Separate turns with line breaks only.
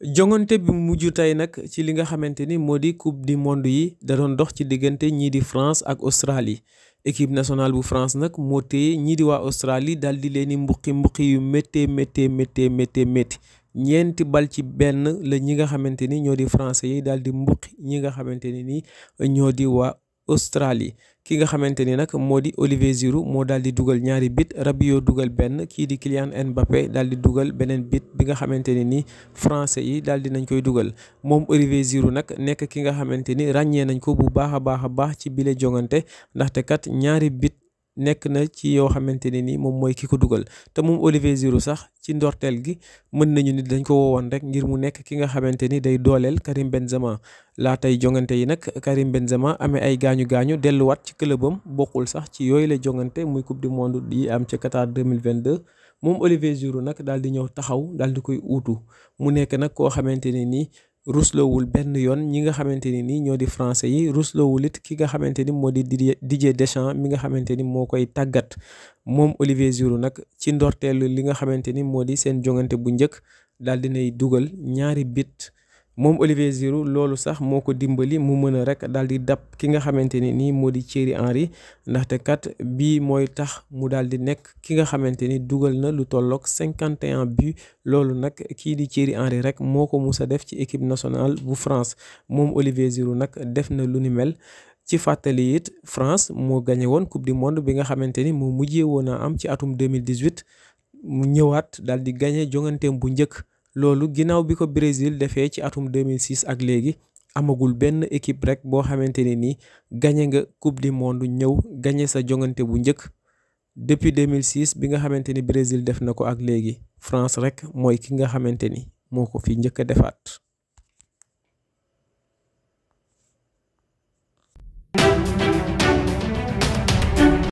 jongante bi mujj tey nag ci li nga xamante ni moo di coupe du monde yi da doon dox ci diggante ñii di France ak Australie équipe nationale bu France nag moo téye ñii di waa Australie daal di leen di mbuqi mbuqi yu méttee méttee méttee méttee métti ñeenti bal ci benn la ñi nga xamante ni ñoo di français yi daal di mbuqi ñi nga xamante ni ñoo di waa Australie ki nga xamante ni nag moo di Olivier Giroud moo daal di dugal ñaari bit Rabiot dugal benn kii di Kylian Mbappé daal di dugal beneen bit bi nga xamante ne ni français yi daal di nañ koy dugal moom Olivier Giroud nag nekk ki nga xamante ni ràññee nañ ko bu baax a baax a baax ci bile jongante ndaxte kat ñaari bit nekk na ci yoo xamante ne ni moom mooy ki ko dugal te moom Olivier Giroud sax ci ndorteel gi mën nañu ni dañ ko woowoon rek ngir mu nekk ki nga xamante ni day dooleel Karim Benzema laatay jongante yi nag Karim Benzema amee ay gaañu gaañu delluwaat ci këlëbam bokkul sax ci yooyu la jongante muy coupe du monde yi am ca Qatar 2022 moom oliver Giroud nag daal di ñëw taxaw daal di koy uutu mu nekk nag koo xamante ne nii ruslowul benn yoon ñi nga xamante ni nii ñoo di français yi ruslowul it ki nga xamante ni moo di Didier Deschamps mi nga xamante ni moo koy tàggat moom Olivier Giroud nag ci ndorteelu li nga xamante ni moo di seen jongante bu njëkk daal dinay dugal ñaari bit moom Olivier Giroud loolu sax moo ko dimbali mu mën a rek daal di dab ki nga xamante ni nii moo di Thierry Henry ndaxte kat bii mooy tax mu daal di nekk ki nga xamante ni dugal na lu tolloog 51 but loolu nag kii di Thierry Henry rek moo ko mus def ci équipe nationale bu France moom Olivier Giroud nag def na lu ni mel. ci fàttali it France moo gañe woon coupe du monde bi nga xamante ni moo mujjee woon a am ci atum 2018 mu ñëwaat daal di gañe jonganteem bu njëkk loolu ginnaaw bi ko Brésil defee ci atum 2006 ak léegi amagul benn équipe rek boo xamante ne nii gañe nga coupe du monde ñëw gañe sa jongante bu njëkk depuis 2006 bi nga xamante ni Brésil def na ko ak léegi France rek mooy ki nga xamante ni moo ko fi njëkk a defaat.